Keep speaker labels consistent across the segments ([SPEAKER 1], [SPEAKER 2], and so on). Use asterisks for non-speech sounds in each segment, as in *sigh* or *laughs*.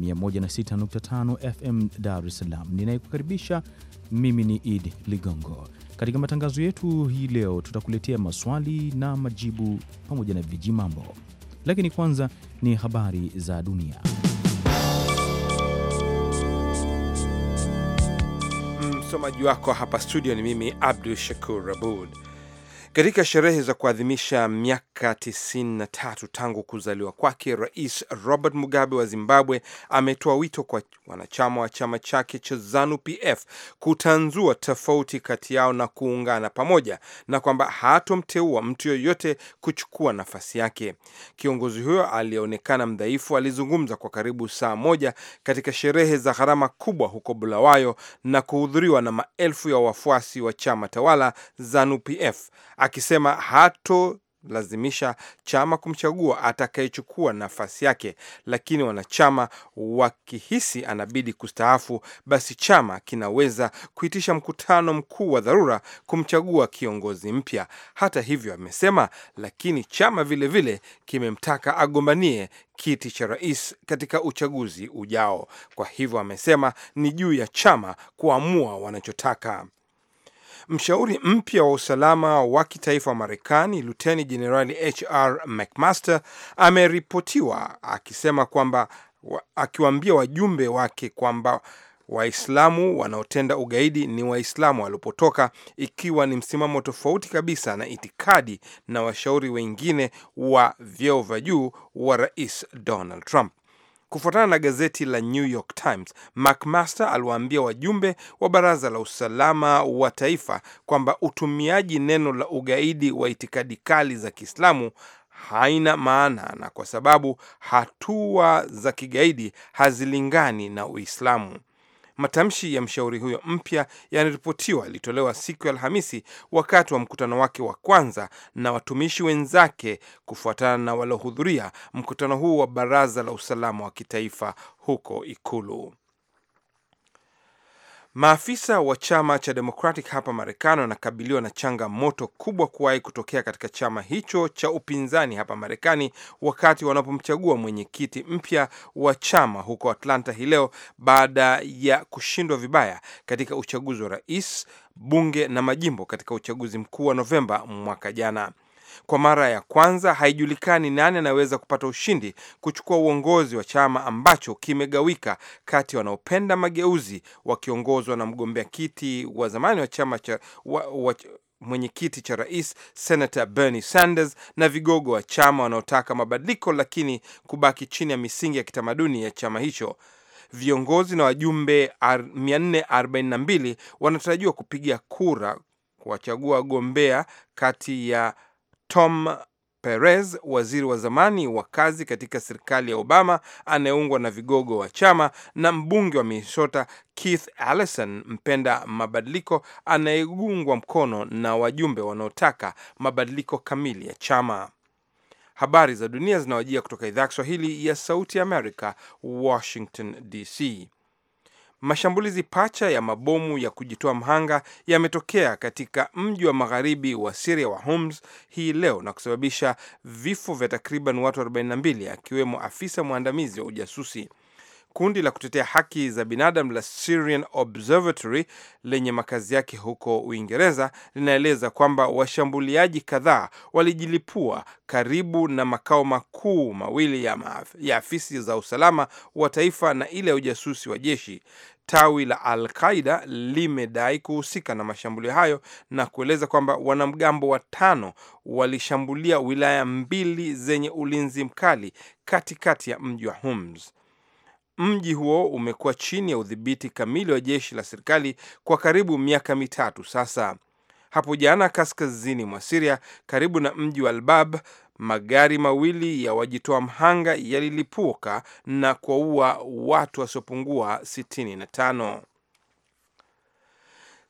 [SPEAKER 1] 106.5 FM Dar es Salaam. Ninayekukaribisha mimi ni Idi Ligongo. Katika matangazo yetu hii leo tutakuletea maswali na majibu pamoja na viji mambo lakini kwanza ni habari za dunia.
[SPEAKER 2] Msomaji wako hapa studio ni mimi Abdu Shakur Abud. Katika sherehe za kuadhimisha miaka 93 tangu kuzaliwa kwake, Rais Robert Mugabe wa Zimbabwe ametoa wito kwa wanachama wa chama chake cha ZANU PF kutanzua tofauti kati yao na kuungana pamoja, na kwamba hatomteua mtu yoyote kuchukua nafasi yake. Kiongozi huyo aliyeonekana mdhaifu alizungumza kwa karibu saa moja katika sherehe za gharama kubwa huko Bulawayo na kuhudhuriwa na maelfu ya wafuasi wa chama tawala ZANU PF akisema hatolazimisha chama kumchagua atakayechukua nafasi yake, lakini wanachama wakihisi anabidi kustaafu, basi chama kinaweza kuitisha mkutano mkuu wa dharura kumchagua kiongozi mpya. Hata hivyo, amesema lakini chama vilevile kimemtaka agombanie kiti cha rais katika uchaguzi ujao. Kwa hivyo, amesema ni juu ya chama kuamua wanachotaka. Mshauri mpya wa usalama wa kitaifa wa Marekani, luteni jenerali HR McMaster ameripotiwa akisema kwamba akiwaambia wajumbe wake kwamba Waislamu wanaotenda ugaidi ni Waislamu walipotoka, ikiwa ni msimamo tofauti kabisa na itikadi na washauri wengine wa vyeo vya juu wa Rais Donald Trump. Kufuatana na gazeti la New York Times, McMaster aliwaambia wajumbe wa baraza la usalama wa taifa kwamba utumiaji neno la ugaidi wa itikadi kali za Kiislamu haina maana na kwa sababu hatua za kigaidi hazilingani na Uislamu. Matamshi ya mshauri huyo mpya yanaripotiwa yalitolewa siku ya Alhamisi wakati wa mkutano wake wa kwanza na watumishi wenzake, kufuatana na waliohudhuria mkutano huu wa Baraza la Usalama wa Kitaifa huko Ikulu. Maafisa wa chama cha Democratic hapa Marekani wanakabiliwa na changamoto kubwa kuwahi kutokea katika chama hicho cha upinzani hapa Marekani wakati wanapomchagua mwenyekiti mpya wa chama huko Atlanta hii leo baada ya kushindwa vibaya katika uchaguzi wa rais, bunge na majimbo katika uchaguzi mkuu wa Novemba mwaka jana. Kwa mara ya kwanza, haijulikani nani anaweza kupata ushindi kuchukua uongozi wa chama ambacho kimegawika kati wanaopenda mageuzi wakiongozwa na mgombea kiti wa zamani wa chama cha wa, wa, mwenyekiti cha rais Senator Bernie Sanders na vigogo wa chama wanaotaka mabadiliko lakini kubaki chini ya misingi ya kitamaduni ya chama hicho. Viongozi na wajumbe 442 wanatarajiwa kupiga kura kuwachagua wagombea kati ya Tom Perez, waziri wa zamani wa kazi katika serikali ya Obama anayeungwa na vigogo wa chama, na mbunge wa Minnesota Keith Ellison, mpenda mabadiliko anayeungwa mkono na wajumbe wanaotaka mabadiliko kamili ya chama. Habari za dunia zinawajia kutoka idhaa ya Kiswahili ya Sauti ya Amerika, Washington DC. Mashambulizi pacha ya mabomu ya kujitoa mhanga yametokea katika mji wa magharibi wa Siria wa Homs hii leo na kusababisha vifo vya takriban watu 42 akiwemo afisa mwandamizi wa ujasusi. Kundi la kutetea haki za binadamu la Syrian Observatory lenye makazi yake huko Uingereza linaeleza kwamba washambuliaji kadhaa walijilipua karibu na makao makuu mawili ya, maaf, ya afisi za usalama wa taifa na ile ya ujasusi wa jeshi. Tawi la Al-Qaida limedai kuhusika na mashambulio hayo na kueleza kwamba wanamgambo watano walishambulia wilaya mbili zenye ulinzi mkali katikati ya mji wa Homs. Mji huo umekuwa chini ya udhibiti kamili wa jeshi la serikali kwa karibu miaka mitatu sasa. Hapo jana, kaskazini mwa Siria, karibu na mji wa Albab, magari mawili ya wajitoa mhanga yalilipuka na kuwaua watu wasiopungua 65.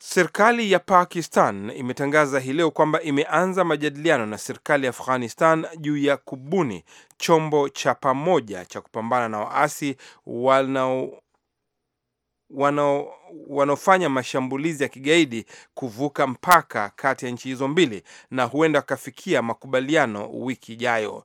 [SPEAKER 2] Serikali ya Pakistan imetangaza hii leo kwamba imeanza majadiliano na serikali ya Afghanistan juu ya kubuni chombo cha pamoja cha kupambana na waasi wanao wanao wanaofanya mashambulizi ya kigaidi kuvuka mpaka kati ya nchi hizo mbili na huenda wakafikia makubaliano wiki ijayo.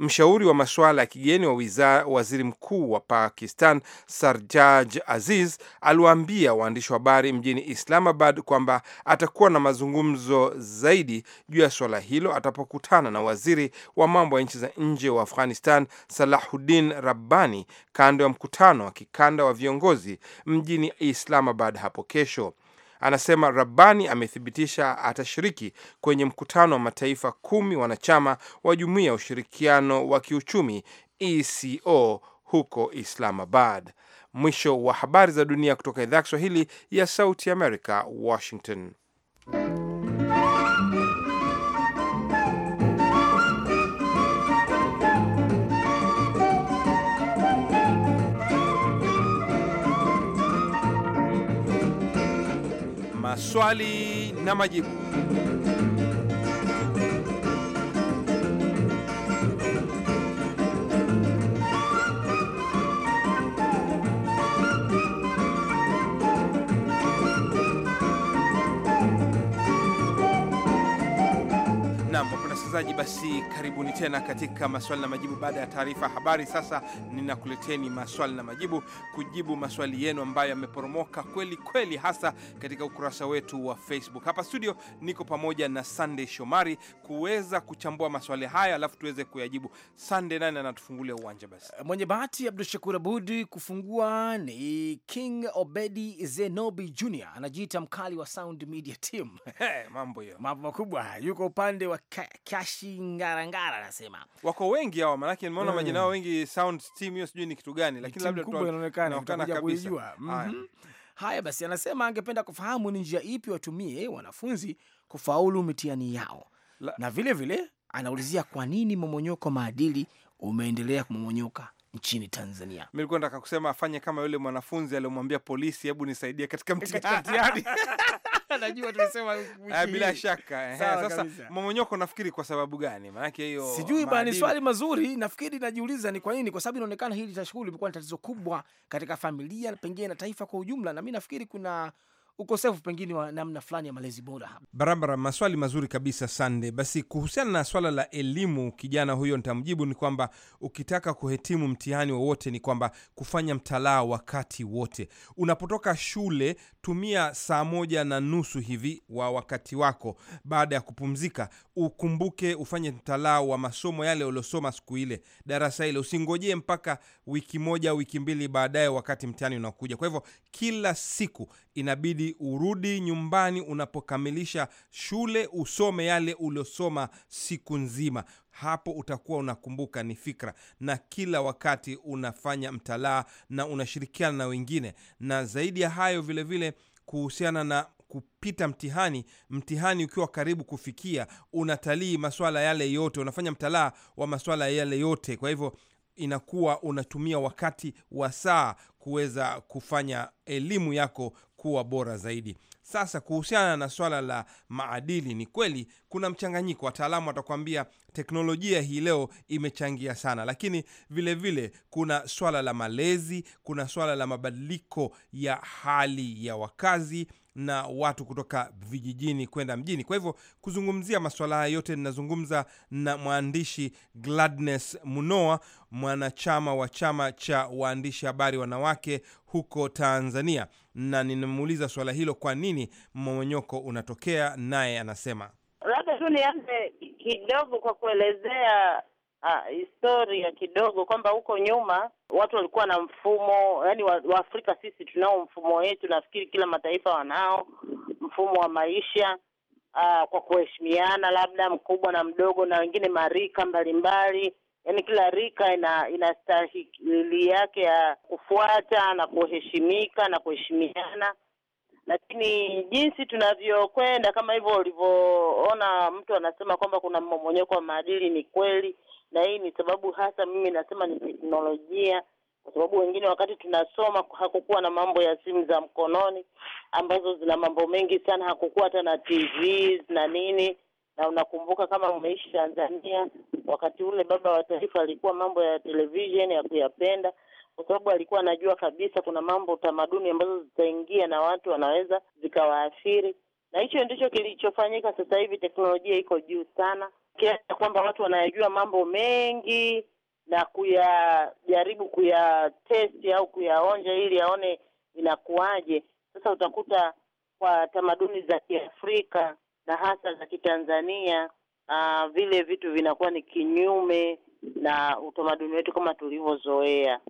[SPEAKER 2] Mshauri wa masuala ya kigeni wa waziri mkuu wa Pakistan Sarjaj Aziz aliwaambia waandishi wa habari mjini Islamabad kwamba atakuwa na mazungumzo zaidi juu ya suala hilo atapokutana na waziri wa mambo ya nchi za nje wa Afghanistan Salahuddin Rabbani kando ya mkutano wa kikanda wa viongozi mjini Islamabad Islamabad hapo kesho. Anasema Rabbani amethibitisha atashiriki kwenye mkutano wa mataifa kumi wanachama wa jumuiya ya ushirikiano wa kiuchumi ECO huko Islamabad. Mwisho wa habari za dunia kutoka idhaa ya Kiswahili ya Sauti Amerika, Washington. swali na majibu. msikilizaji, basi karibuni tena katika maswali na majibu baada ya taarifa ya habari. Sasa ninakuleteni maswali na majibu kujibu maswali yenu ambayo yameporomoka kweli kweli, hasa katika ukurasa wetu wa Facebook. Hapa studio niko pamoja na sandey Shomari kuweza kuchambua maswali haya, alafu tuweze kuyajibu. sande nani anatufungulia uwanja? Basi
[SPEAKER 3] mwenye bahati Abdul Shakur Abud kufungua ni King Obedi Zenobi Jr, anajiita mkali wa Sound Media Team. Hey, mambo hiyo, mambo makubwa, yuko upande wa ka, ka. Shashi Ngarangara anasema
[SPEAKER 2] wako wengi hao, maanake nimeona eh. majina yao wengi, sound team hiyo sijui ni kitu gani, lakini labda inaonekana kabisa. Mhm.
[SPEAKER 3] Haya basi, anasema angependa kufahamu ni njia ipi watumie wanafunzi kufaulu mitihani yao La... na vile vile anaulizia kwa nini momonyoko maadili umeendelea kumomonyoka nchini Tanzania.
[SPEAKER 2] Nilikuwa nataka kusema afanye kama yule mwanafunzi aliyomwambia polisi, hebu nisaidie katika *laughs* mtihani *laughs* *laughs* tumesema *laughs* eh, bila shaka. He, eh, sasa nafikiri kwa sababu gani? Maanake hiyo sijui bana, ni swali mazuri.
[SPEAKER 3] Nafikiri najiuliza ni kwa nini, kwa sababu inaonekana hili tashughuli imekuwa ni tatizo kubwa katika familia pengine na taifa kwa ujumla, na mi nafikiri kuna ukosefu pengine wa namna fulani ya malezi bora.
[SPEAKER 2] Barabara, maswali mazuri kabisa. Sande, basi kuhusiana na swala la elimu, kijana huyo nitamjibu ni kwamba ukitaka kuhitimu mtihani wowote ni kwamba kufanya mtalaa wakati wote. Unapotoka shule, tumia saa moja na nusu hivi wa wakati wako baada ya kupumzika, ukumbuke ufanye mtalaa wa masomo yale uliosoma siku ile, darasa ile. Usingojee mpaka wiki moja, wiki mbili baadaye, wakati mtihani unakuja. Kwa hivyo kila siku inabidi urudi nyumbani unapokamilisha shule usome yale uliosoma siku nzima. Hapo utakuwa unakumbuka, ni fikra, na kila wakati unafanya mtalaa na unashirikiana na wengine. Na zaidi ya hayo, vilevile vile kuhusiana na kupita mtihani, mtihani ukiwa karibu kufikia, unatalii maswala yale yote, unafanya mtalaa wa maswala yale yote. Kwa hivyo inakuwa unatumia wakati wa saa kuweza kufanya elimu yako kuwa bora zaidi. Sasa kuhusiana na swala la maadili, ni kweli kuna mchanganyiko. Wataalamu watakuambia teknolojia hii leo imechangia sana, lakini vilevile vile, kuna swala la malezi, kuna swala la mabadiliko ya hali ya wakazi na watu kutoka vijijini kwenda mjini. Kwa hivyo kuzungumzia maswala haya yote, ninazungumza na mwandishi Gladness Munoa, mwanachama wa chama cha waandishi habari wanawake huko Tanzania, na ninamuuliza swala hilo, kwa nini mmomonyoko unatokea, naye anasema
[SPEAKER 4] labda tu nianze kidogo kwa kuelezea ah, historia kidogo kwamba huko nyuma watu walikuwa na mfumo yani, Waafrika wa sisi tunao mfumo wetu, nafikiri kila mataifa wanao mfumo wa maisha ah, kwa kuheshimiana, labda mkubwa na mdogo, na wengine marika mbalimbali yani kila rika ina inastahili yake ya kufuata na kuheshimika na kuheshimiana lakini jinsi tunavyokwenda kama hivyo ulivyoona, mtu anasema kwamba kuna mmomonyoko wa maadili, ni kweli, na hii ni sababu hasa mimi nasema ni teknolojia, kwa sababu wengine wakati tunasoma hakukuwa na mambo ya simu za mkononi ambazo zina mambo mengi sana, hakukuwa hata na TV na nini. Na unakumbuka kama umeishi Tanzania, wakati ule baba wa taifa alikuwa mambo ya televisheni ya kuyapenda kwa sababu alikuwa anajua kabisa kuna mambo tamaduni ambazo zitaingia na watu wanaweza zikawaathiri, na hicho ndicho kilichofanyika. Sasa hivi teknolojia iko juu sana kiasi kwamba watu wanayajua mambo mengi na kuyajaribu kuyatesti au kuyaonja ili aone inakuwaje. Sasa utakuta kwa tamaduni za Kiafrika na hasa za Kitanzania uh, vile vitu vinakuwa ni kinyume na utamaduni wetu kama tulivyozoea.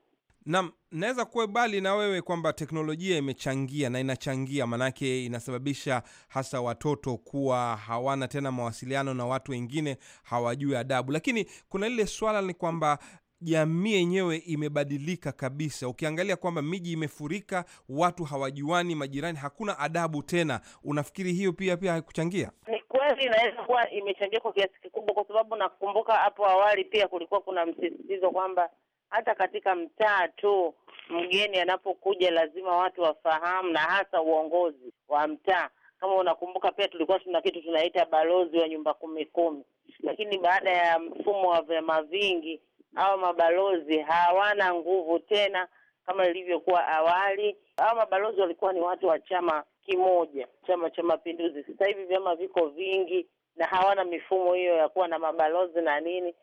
[SPEAKER 2] Naam, naweza kukubali na wewe kwamba teknolojia imechangia na inachangia, manake inasababisha hasa watoto kuwa hawana tena mawasiliano na watu wengine, hawajui adabu. Lakini kuna lile swala ni kwamba jamii yenyewe imebadilika kabisa. Ukiangalia kwamba miji imefurika, watu hawajuani, majirani, hakuna adabu tena. Unafikiri hiyo pia pia haikuchangia?
[SPEAKER 4] Ni kweli, inaweza kuwa imechangia kwa kiasi kikubwa, kwa sababu nakumbuka hapo awali pia kulikuwa kuna msisitizo kwamba hata katika mtaa tu. Mgeni anapokuja lazima watu wafahamu, na hasa uongozi wa mtaa. Kama unakumbuka, pia tulikuwa tuna kitu tunaita balozi wa nyumba kumi kumi, lakini baada ya mfumo wa vyama vingi hawa mabalozi hawana nguvu tena kama ilivyokuwa awali. Hawa mabalozi walikuwa ni watu wa chama kimoja, Chama cha Mapinduzi. Sasa hivi vyama viko vingi na hawana mifumo hiyo ya kuwa na mabalozi na nini.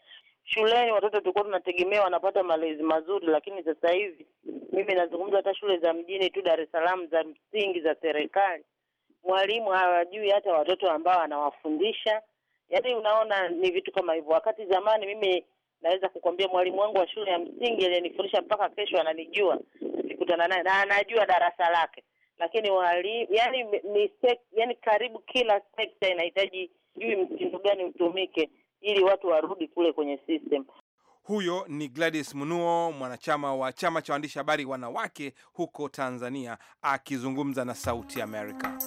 [SPEAKER 4] Shuleni watoto tulikuwa tunategemea wanapata malezi mazuri, lakini sasa hivi mimi nazungumza hata shule za mjini tu Dar es Salaam za msingi za serikali, mwalimu hawajui hata watoto ambao anawafundisha. Yaani unaona ni vitu kama hivyo, wakati zamani mimi naweza kukwambia mwalimu wangu wa shule ya msingi aliyenifundisha mpaka kesho ananijua, sikutana naye na anajua darasa lake. Lakini walimu yani, ni yani karibu kila sekta inahitaji jui mtindo gani utumike ili watu warudi kule kwenye system.
[SPEAKER 2] Huyo ni Gladys munuo mwanachama wa chama cha waandishi habari wanawake huko Tanzania, akizungumza na Sauti Amerika.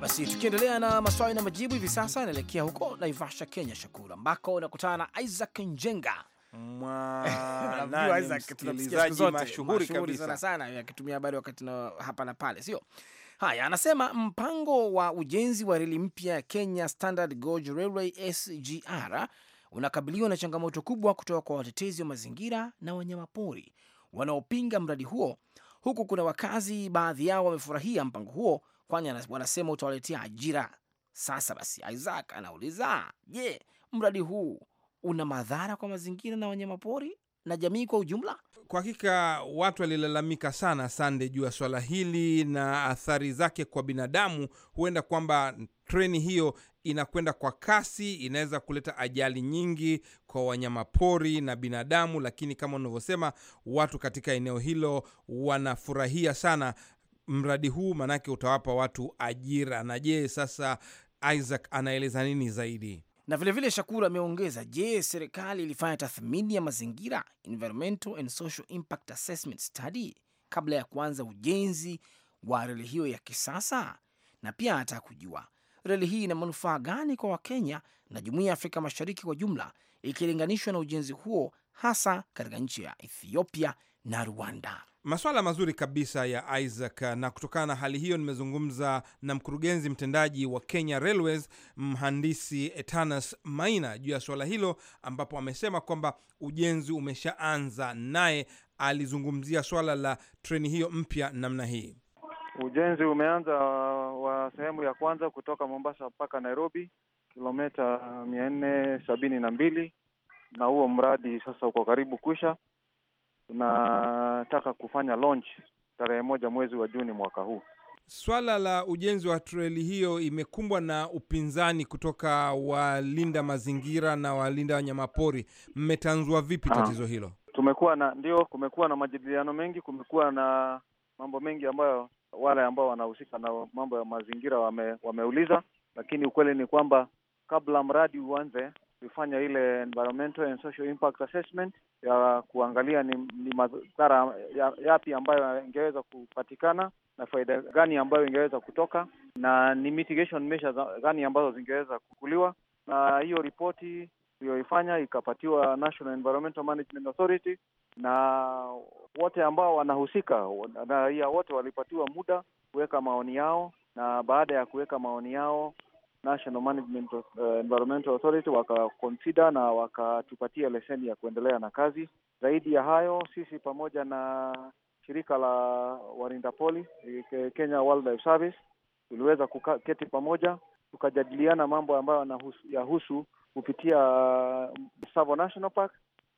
[SPEAKER 3] basi tukiendelea na maswali na majibu hivi sasa, naelekea huko Naivasha, Kenya, shakuru ambako unakutana na Isaac Njenga
[SPEAKER 1] *laughs*
[SPEAKER 3] mashuhuri sana sana, akitumia habari wakati na hapa na pale, sio haya. Anasema mpango wa ujenzi wa reli mpya ya Kenya Standard Gauge Railway SGR unakabiliwa na changamoto kubwa kutoka kwa watetezi wa mazingira na wanyamapori wanaopinga mradi huo, huku kuna wakazi baadhi yao wamefurahia mpango huo kwani wanasema utawaletea ajira. Sasa basi, Isaac anauliza, je, mradi huu una madhara kwa mazingira na wanyamapori na jamii kwa ujumla?
[SPEAKER 2] Kwa hakika watu walilalamika sana sande juu ya swala hili na athari zake kwa binadamu. Huenda kwamba treni hiyo inakwenda kwa kasi, inaweza kuleta ajali nyingi kwa wanyama pori na binadamu. Lakini kama unavyosema, watu katika eneo hilo wanafurahia sana mradi huu maanake utawapa watu ajira. Na je, sasa Isaac anaeleza nini zaidi?
[SPEAKER 3] Na vilevile vile Shakuru ameongeza, je, serikali ilifanya
[SPEAKER 2] tathmini ya mazingira, environmental and
[SPEAKER 3] social impact assessment study, kabla ya kuanza ujenzi wa reli hiyo ya kisasa? Na pia anataka kujua reli hii ina manufaa gani kwa Wakenya na jumuiya ya Afrika Mashariki kwa jumla ikilinganishwa na ujenzi huo hasa katika nchi ya
[SPEAKER 2] Ethiopia na Rwanda. Maswala mazuri kabisa ya Isaac, na kutokana na hali hiyo nimezungumza na mkurugenzi mtendaji wa Kenya Railways, mhandisi Etanas Maina juu ya suala hilo, ambapo amesema kwamba ujenzi umeshaanza, naye alizungumzia swala la treni hiyo mpya namna hii.
[SPEAKER 5] Ujenzi umeanza uh, wa sehemu ya kwanza kutoka Mombasa mpaka Nairobi, kilometa mia nne sabini na mbili, na huo mradi sasa uko karibu kuisha tunataka kufanya launch tarehe moja mwezi wa Juni mwaka huu.
[SPEAKER 2] Swala la ujenzi wa treli hiyo imekumbwa na upinzani kutoka walinda mazingira na walinda wanyamapori. Mmetanzua vipi tatizo hilo? Tumekuwa na
[SPEAKER 5] ndio, kumekuwa na majadiliano mengi, kumekuwa na mambo mengi ambayo wale ambao wanahusika na mambo ya mazingira wame, wameuliza, lakini ukweli ni kwamba kabla mradi uanze kufanya ile environmental and social impact assessment ya kuangalia ni, ni madhara yapi ambayo yangeweza kupatikana na faida gani ambayo ingeweza kutoka na ni mitigation measures gani ambazo zingeweza kukuliwa, na hiyo ripoti tuliyoifanya ikapatiwa National Environmental Management Authority, na wote ambao wanahusika na raia wote walipatiwa muda kuweka maoni yao, na baada ya kuweka maoni yao National Management of, uh, Environmental Authority wakaconsider na wakatupatia leseni ya kuendelea na kazi. Zaidi ya hayo, sisi pamoja na shirika la warindapoli poli Kenya Wildlife Service tuliweza kuketi pamoja tukajadiliana mambo ambayo yahusu kupitia Tsavo uh, National Park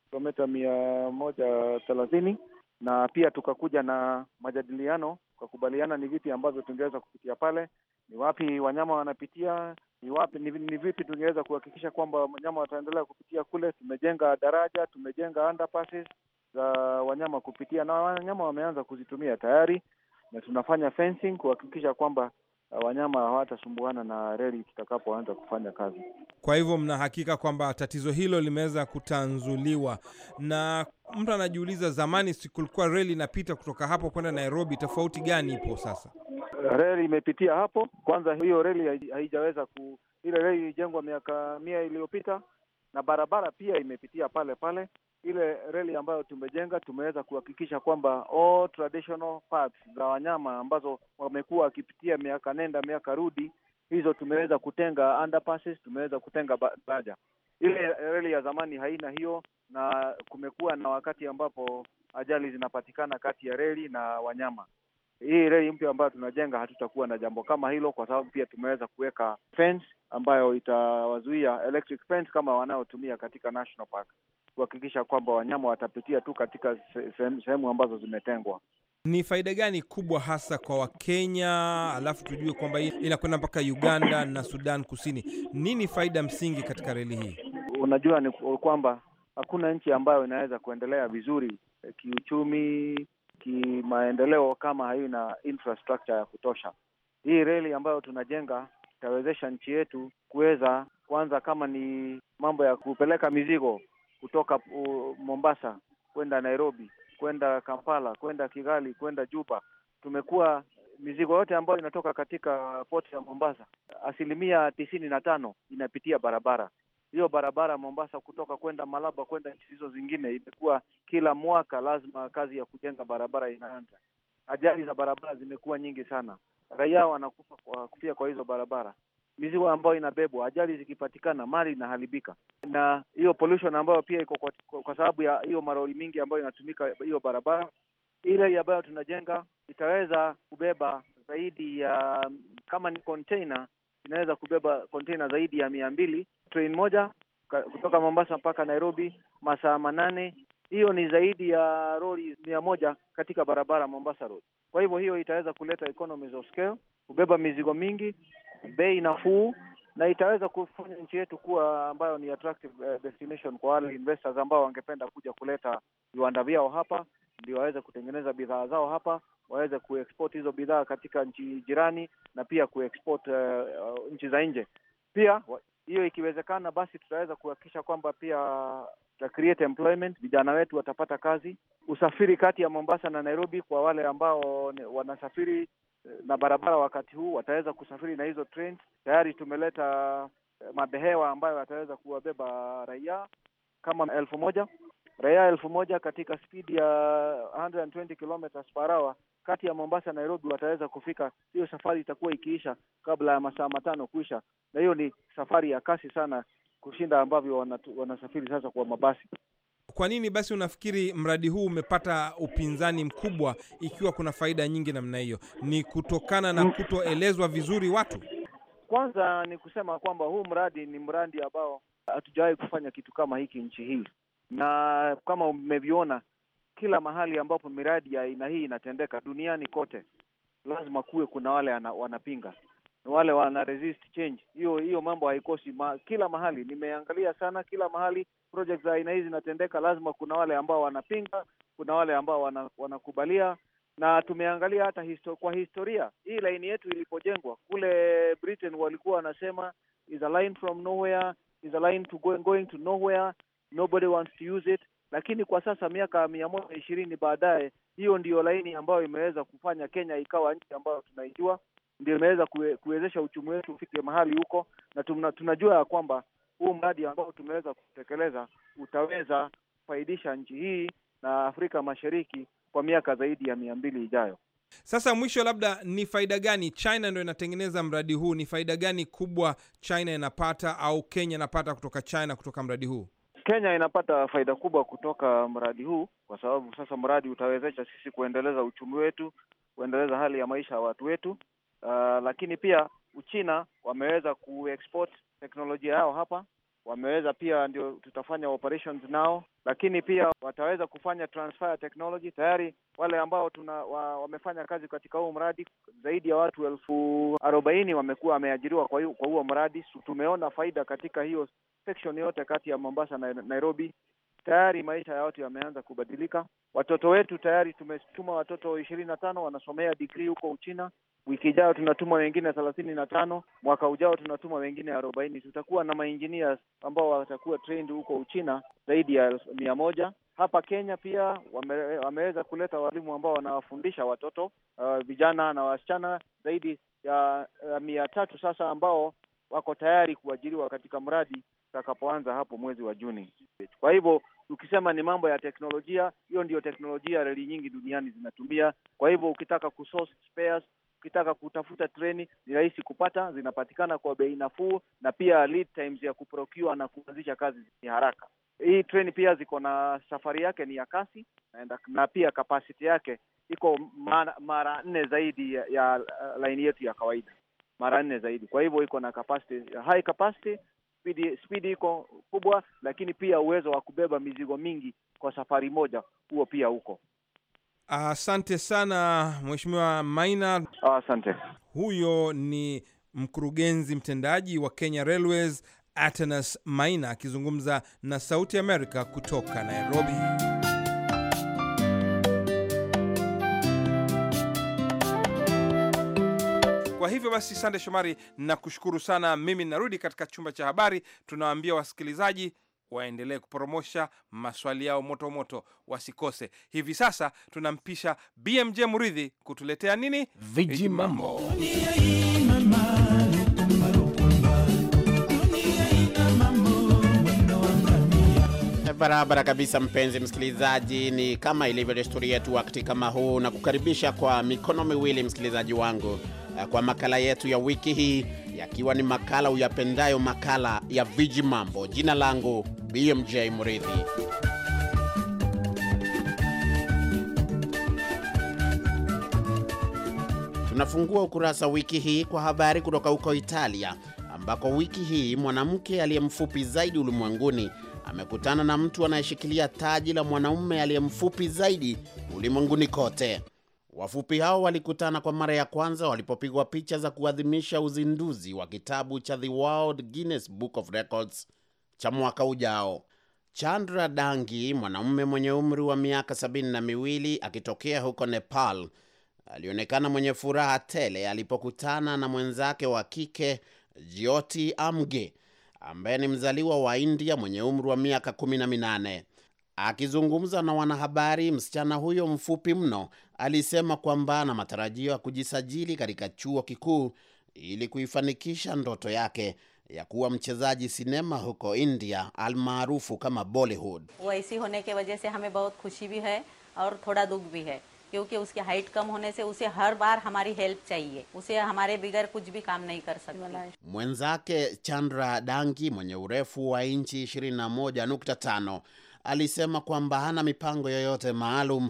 [SPEAKER 5] kilomita mia moja thelathini na pia tukakuja na majadiliano tukakubaliana ni vipi ambavyo tungeweza kupitia pale ni wapi wanyama wanapitia, ni wapi, ni, ni vipi tungeweza kuhakikisha kwamba wanyama wataendelea kupitia kule. Tumejenga daraja, tumejenga underpasses za wanyama kupitia, na wanyama wameanza kuzitumia tayari, na tunafanya fencing kuhakikisha kwamba uh, wanyama hawatasumbuana na reli tutakapoanza kufanya kazi.
[SPEAKER 2] Kwa hivyo mnahakika kwamba tatizo hilo limeweza kutanzuliwa. Na mtu anajiuliza, zamani sikulikuwa reli inapita kutoka hapo kwenda Nairobi, tofauti gani ipo sasa?
[SPEAKER 5] Reli imepitia hapo. Kwanza hiyo reli haijaweza ku, ile reli ilijengwa miaka mia iliyopita, na barabara pia imepitia pale pale. Ile reli ambayo tumejenga, tumeweza kuhakikisha kwamba all traditional paths za wanyama ambazo wamekuwa wakipitia miaka nenda miaka rudi, hizo tumeweza kutenga underpasses, tumeweza kutenga daraja. Ile reli ya zamani haina hiyo, na kumekuwa na wakati ambapo ajali zinapatikana kati ya reli na wanyama hii reli mpya ambayo tunajenga hatutakuwa na jambo kama hilo, kwa sababu pia tumeweza kuweka fence ambayo itawazuia electric fence kama wanaotumia katika national park, kuhakikisha kwamba wanyama watapitia tu katika sehemu ambazo zimetengwa.
[SPEAKER 2] Ni faida gani kubwa hasa kwa Wakenya? Alafu tujue kwamba hii inakwenda mpaka Uganda na Sudan Kusini. Nini faida msingi katika reli hii?
[SPEAKER 5] Unajua ni kwamba hakuna nchi ambayo inaweza kuendelea vizuri eh, kiuchumi kimaendeleo kama haina infrastructure ya kutosha. Hii reli ambayo tunajenga itawezesha nchi yetu kuweza kwanza, kama ni mambo ya kupeleka mizigo kutoka uh, Mombasa kwenda Nairobi kwenda Kampala kwenda Kigali kwenda Juba. Tumekuwa mizigo yote ambayo inatoka katika poti ya Mombasa asilimia tisini na tano inapitia barabara hiyo barabara Mombasa kutoka kwenda Malaba kwenda nchi hizo zingine, imekuwa kila mwaka lazima kazi ya kujenga barabara inaanza. Ajali za barabara zimekuwa nyingi sana, raia wanakufa kwa kufia kwa hizo barabara, mizigo ambayo inabebwa, ajali zikipatikana, mali inaharibika, na hiyo pollution ambayo pia iko kwa, kwa, kwa sababu ya hiyo maroli mingi ambayo inatumika hiyo barabara. Ile ambayo tunajenga itaweza kubeba zaidi ya kama ni container inaweza kubeba container zaidi ya mia mbili train moja kutoka Mombasa mpaka Nairobi masaa manane. Hiyo ni zaidi ya lori mia moja katika barabara Mombasa Road. Kwa hivyo hiyo itaweza kuleta economies of scale, kubeba mizigo mingi, bei nafuu, na itaweza kufanya nchi yetu kuwa ambayo ni attractive eh, destination kwa wale investors ambao wangependa kuja kuleta viwanda vyao hapa, ndio waweze kutengeneza bidhaa zao hapa, waweze kuexport hizo bidhaa katika nchi jirani na pia kuexport uh, nchi za nje. Pia hiyo ikiwezekana, basi tutaweza kuhakikisha kwamba pia tuta uh, create employment, vijana wetu watapata kazi. Usafiri kati ya Mombasa na Nairobi, kwa wale ambao wanasafiri eh, na barabara wakati huu wataweza kusafiri na hizo train. Tayari tumeleta uh, mabehewa ambayo wataweza kuwabeba raia kama elfu moja raia elfu moja katika spidi ya 120 kilometers per hour kati ya Mombasa na Nairobi wataweza kufika. Hiyo safari itakuwa ikiisha kabla ya masaa matano kuisha, na hiyo ni safari ya kasi sana kushinda ambavyo wanatu, wanasafiri sasa kwa mabasi.
[SPEAKER 2] Kwa nini basi unafikiri mradi huu umepata upinzani mkubwa ikiwa kuna faida nyingi namna hiyo? Ni kutokana na mm. kutoelezwa vizuri watu?
[SPEAKER 5] Kwanza ni kusema kwamba huu mradi ni mradi ambao hatujawahi kufanya kitu kama hiki nchi hii, na kama umeviona kila mahali ambapo miradi ya aina hii inatendeka duniani kote, lazima kuwe kuna wale ana, wanapinga wale wana resist change. Hiyo hiyo mambo haikosi ma, kila mahali nimeangalia sana, kila mahali project za aina hizi zinatendeka, lazima kuna wale ambao wanapinga, kuna wale ambao wana, wanakubalia na tumeangalia hata histo, kwa historia hii laini yetu ilipojengwa kule Britain walikuwa wanasema is a line from nowhere is a line to going, going to nowhere nobody wants to use it lakini kwa sasa miaka mia moja ishirini baadaye, hiyo ndiyo laini ambayo imeweza kufanya Kenya ikawa nchi ambayo tunaijua, ndio imeweza kue, kuwezesha uchumi wetu ufike mahali huko, na tuna, tunajua ya kwamba huu mradi ambao tumeweza kutekeleza utaweza kufaidisha nchi hii na Afrika Mashariki kwa miaka zaidi ya mia mbili ijayo.
[SPEAKER 2] Sasa mwisho, labda ni faida gani China ndo inatengeneza mradi huu? Ni faida gani kubwa China inapata au Kenya inapata kutoka China kutoka mradi huu?
[SPEAKER 5] Kenya inapata faida kubwa kutoka mradi huu, kwa sababu sasa mradi utawezesha sisi kuendeleza uchumi wetu, kuendeleza hali ya maisha ya watu wetu. Uh, lakini pia Uchina wameweza kuexport teknolojia yao hapa wameweza pia, ndio tutafanya operations nao, lakini pia wataweza kufanya transfer ya technology. Tayari wale ambao tuna wa, wamefanya kazi katika huu mradi zaidi ya watu elfu arobaini wamekuwa wameajiriwa kwa huo mradi. Tumeona faida katika hiyo section yote kati ya Mombasa na Nairobi. Tayari maisha ya watu yameanza kubadilika. Watoto wetu tayari tumetuma watoto ishirini na tano wanasomea digrii huko Uchina, Wiki ijayo tunatuma wengine thelathini na tano. Mwaka ujao tunatuma wengine arobaini. Tutakuwa na mainjinia ambao watakuwa trained huko Uchina zaidi ya mia moja. Hapa Kenya pia wame, wameweza kuleta walimu ambao wanawafundisha watoto uh, vijana na wasichana zaidi ya, uh, mia tatu sasa ambao wako tayari kuajiriwa katika mradi utakapoanza hapo mwezi wa Juni. Kwa hivyo ukisema ni mambo ya teknolojia, hiyo ndiyo teknolojia reli nyingi duniani zinatumia. Kwa hivyo ukitaka kusource spares ukitaka kutafuta treni ni rahisi kupata, zinapatikana kwa bei nafuu, na pia lead times ya kuprocure na kuanzisha kazi ni haraka. Hii treni pia ziko na safari yake ni ya kasi na, na pia kapasiti yake iko mara, mara nne zaidi ya, ya uh, laini yetu ya kawaida, mara nne zaidi. Kwa hivyo iko na capacity, high capacity spidi, spidi iko kubwa, lakini pia uwezo wa kubeba mizigo mingi kwa safari moja, huo pia huko
[SPEAKER 2] Asante sana Mheshimiwa Maina. Ah, asante. Huyo ni mkurugenzi mtendaji wa Kenya Railways Atanas Maina akizungumza na Sauti Amerika kutoka Nairobi. Kwa hivyo basi, Sande Shomari, nakushukuru sana. Mimi narudi katika chumba cha habari, tunawaambia wasikilizaji waendelee kupromosha maswali yao moto moto, wasikose. Hivi sasa tunampisha BMJ Muridhi kutuletea nini viji mambo.
[SPEAKER 6] Barabara kabisa, mpenzi msikilizaji, ni kama ilivyo desturi yetu wakati kama huu, na kukaribisha kwa mikono miwili msikilizaji wangu eh, kwa makala yetu ya wiki hii, yakiwa ni makala uyapendayo, makala ya viji mambo. Jina langu BMJ Murithi. Tunafungua ukurasa wiki hii kwa habari kutoka huko Italia ambako wiki hii mwanamke aliye mfupi zaidi ulimwenguni amekutana na mtu anayeshikilia taji la mwanaume aliye mfupi zaidi ulimwenguni kote. Wafupi hao walikutana kwa mara ya kwanza walipopigwa picha za kuadhimisha uzinduzi wa kitabu cha The World Guinness Book of Records cha mwaka ujao. Chandra Dangi, mwanaume mwenye umri wa miaka sabini na miwili akitokea huko Nepal, alionekana mwenye furaha tele alipokutana na mwenzake wa kike Jyoti Amge ambaye ni mzaliwa wa India mwenye umri wa miaka kumi na minane. Akizungumza na wanahabari, msichana huyo mfupi mno alisema kwamba ana matarajio ya kujisajili katika chuo kikuu ili kuifanikisha ndoto yake ya kuwa mchezaji sinema huko India almaarufu kama Bollywood.
[SPEAKER 4] waisi hone ke wajah se hame bahut khushi bhi hai aur thoda dukh bhi hai kyunki uski height kam hone se use har bar hamari help chahiye use hamare bigar kuch bhi kaam nahi kar sakti.
[SPEAKER 6] Mwenzake Chandra Dangi mwenye urefu wa inchi 21.5 alisema kwamba hana mipango yoyote maalum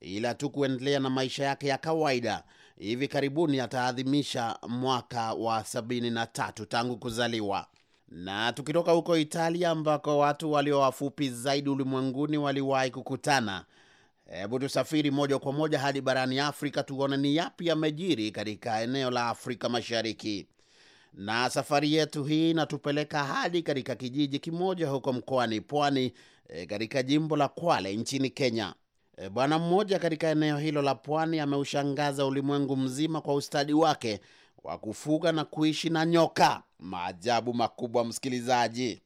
[SPEAKER 6] ila tu kuendelea na maisha yake ya kawaida hivi karibuni ataadhimisha mwaka wa 73 tangu kuzaliwa. Na tukitoka huko Italia ambako watu walio wafupi zaidi ulimwenguni waliwahi kukutana, hebu tusafiri moja kwa moja hadi barani Afrika tuone ni yapi yamejiri katika eneo la Afrika Mashariki. Na safari yetu hii inatupeleka hadi katika kijiji kimoja huko mkoani Pwani, eh, katika jimbo la Kwale nchini Kenya. E, bwana mmoja katika eneo hilo la pwani ameushangaza ulimwengu mzima kwa ustadi wake wa kufuga na kuishi na nyoka. Maajabu makubwa, msikilizaji,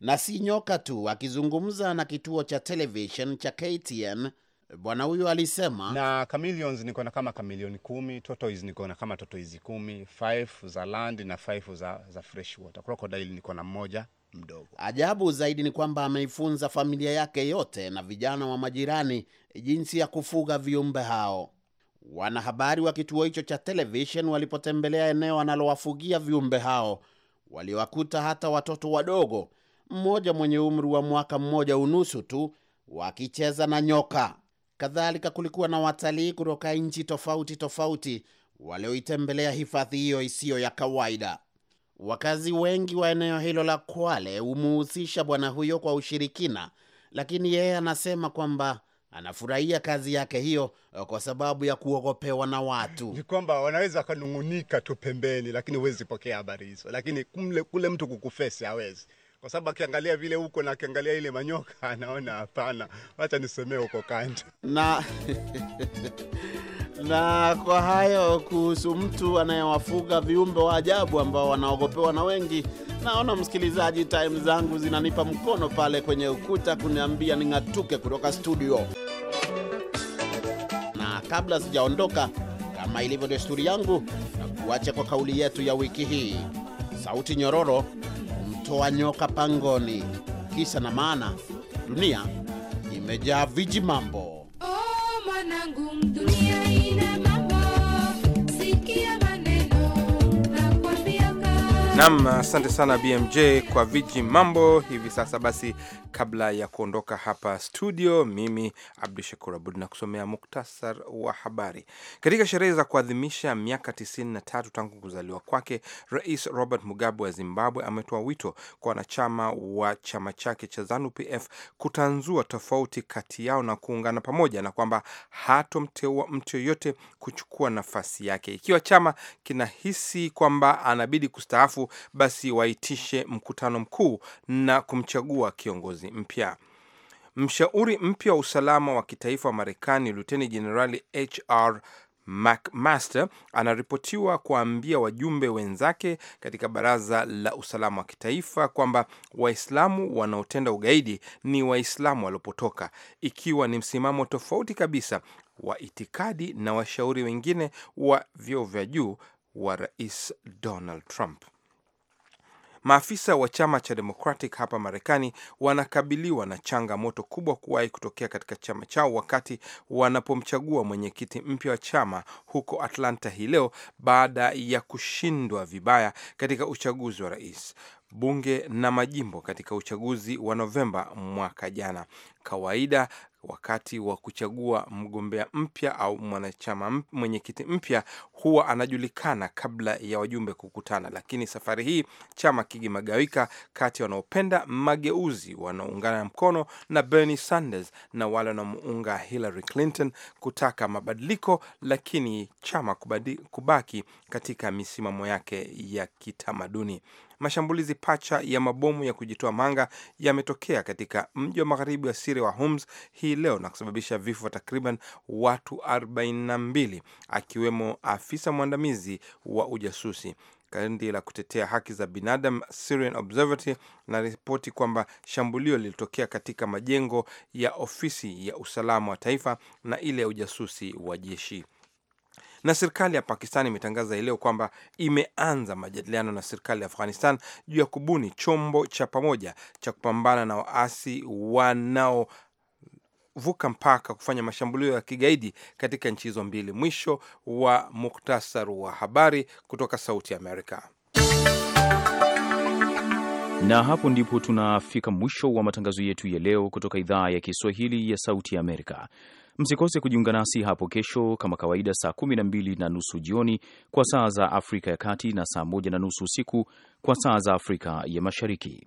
[SPEAKER 6] na si nyoka tu. Akizungumza na kituo cha television cha KTN, bwana huyu alisema, na chameleons niko na kama chameleon kumi, tortoise niko na kama tortoise kumi, five za land na five za, za fresh Crocodile niko na mmoja mdogo. Ajabu zaidi ni kwamba ameifunza familia yake yote na vijana wa majirani jinsi ya kufuga viumbe hao. Wanahabari wa kituo hicho cha televishen walipotembelea eneo analowafugia viumbe hao, waliwakuta hata watoto wadogo, mmoja mwenye umri wa mwaka mmoja unusu tu, wakicheza na nyoka. Kadhalika kulikuwa na watalii kutoka nchi tofauti tofauti walioitembelea hifadhi hiyo isiyo ya kawaida. Wakazi wengi wa eneo hilo la Kwale humuhusisha bwana huyo kwa ushirikina, lakini yeye anasema kwamba anafurahia kazi yake hiyo eh, kwa sababu ya kuogopewa na watu. Ni kwamba wanaweza wakanung'unika tu pembeni, lakini huwezi pokea habari hizo, lakini kumle, kule mtu kukufesi hawezi kwa sababu
[SPEAKER 2] akiangalia vile huko na akiangalia ile manyoka *laughs* anaona hapana, wacha nisemee huko kando
[SPEAKER 6] na *laughs* Na kwa hayo kuhusu mtu anayewafuga viumbe wa ajabu ambao wanaogopewa na wengi. Naona msikilizaji, time zangu zinanipa mkono pale kwenye ukuta kuniambia ning'atuke kutoka studio, na kabla sijaondoka, kama ilivyo desturi yangu, na kuacha kwa kauli yetu ya wiki hii, sauti nyororo mtoa nyoka pangoni. Kisa na maana, dunia imejaa viji mambo.
[SPEAKER 4] Oh, dunia
[SPEAKER 2] Nam, asante sana BMJ kwa viji mambo hivi sasa. Basi, kabla ya kuondoka hapa studio, mimi Abdu Shakur Abud na kusomea muktasar wa habari. Katika sherehe za kuadhimisha miaka 93 tangu kuzaliwa kwake, Rais Robert Mugabe wa Zimbabwe ametoa wito kwa wanachama wa chama chake cha Zanu PF kutanzua tofauti kati yao na kuungana pamoja, na kwamba hatomteua mtu yoyote kuchukua nafasi yake. Ikiwa chama kinahisi kwamba anabidi kustaafu mrefu, basi waitishe mkutano mkuu na kumchagua kiongozi mpya. Mshauri mpya wa usalama wa kitaifa wa Marekani, Luteni Jenerali HR McMaster anaripotiwa kuwaambia wajumbe wenzake katika baraza la usalama wa kitaifa kwamba Waislamu wanaotenda ugaidi ni Waislamu waliopotoka, ikiwa ni msimamo tofauti kabisa wa itikadi na washauri wengine wa vyeo vya juu wa Rais Donald Trump maafisa wa chama cha Democratic hapa Marekani wanakabiliwa na changamoto kubwa kuwahi kutokea katika chama chao wakati wanapomchagua mwenyekiti mpya wa chama huko Atlanta hii leo baada ya kushindwa vibaya katika uchaguzi wa rais bunge na majimbo katika uchaguzi wa Novemba mwaka jana. Kawaida wakati wa kuchagua mgombea mpya au mwanachama mwenyekiti mpya huwa anajulikana kabla ya wajumbe kukutana, lakini safari hii chama kigimagawika kati wanaopenda mageuzi wanaoungana mkono na Bernie Sanders na wale wanaomuunga Hillary Clinton kutaka mabadiliko, lakini chama kubadi, kubaki katika misimamo yake ya kitamaduni. Mashambulizi pacha ya mabomu ya kujitoa manga yametokea katika mji wa magharibi wa Siria wa Homs hii hii leo na kusababisha vifo takriban watu 42 akiwemo afisa mwandamizi wa ujasusi. Kundi la kutetea haki za binadamu Syrian Observatory ripoti kwamba shambulio lilitokea katika majengo ya ofisi ya usalama wa taifa na ile ya ujasusi wa jeshi. Na serikali ya Pakistan imetangaza hii leo kwamba imeanza majadiliano na serikali ya Afghanistan juu ya kubuni chombo cha pamoja cha kupambana na waasi wanao kuvuka mpaka kufanya mashambulio ya kigaidi katika nchi hizo mbili. Mwisho wa muktasar wa habari kutoka Sauti ya Amerika.
[SPEAKER 1] Na hapo ndipo tunafika mwisho wa matangazo yetu ya leo kutoka idhaa ya Kiswahili ya Sauti ya Amerika. Msikose kujiunga nasi hapo kesho kama kawaida, saa 12 na nusu jioni kwa saa za Afrika ya Kati na saa 1 na nusu usiku kwa saa za Afrika ya Mashariki.